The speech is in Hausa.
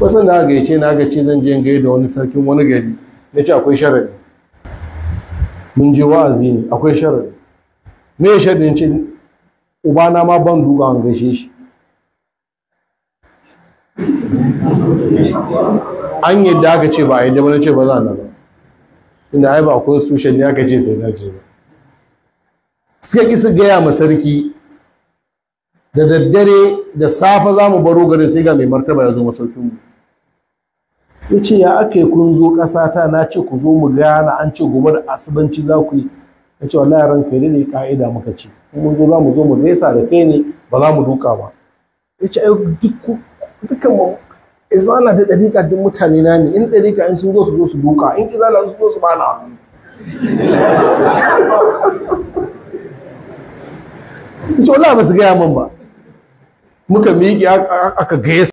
wasan da aka ce na aka ce zan je in da wani sarkin wani gari na ce akwai sharadi mun je wa'azi ne akwai sharadi me sharadi ce ubana ma ban duka an gaishe shi an yadda aka ce ba a yi ba na ce ba za na ba tunda ai ba akwai su ya aka ce sai na ce ba suka kisa gaya ma sarki da daddare da safe za mu baro garin sai ga mai martaba ya zo masaukinmu ya ce ya aka yi kun zo ta na ce ku zo mu gana an ce gobe da asibanci za ku yi ya ce wallahi ka yi ne ka'ida muka ce mun zo za mu zo mu gaisa da kai ne ba za mu duka ba ya ce dukkan mu izala da ɗariƙa duk mutane na ne in ɗariƙa in sun zo su zo su duka in izala sun zo su bana ya ce wallahi ba su gaya min ba muka miƙe aka gaisa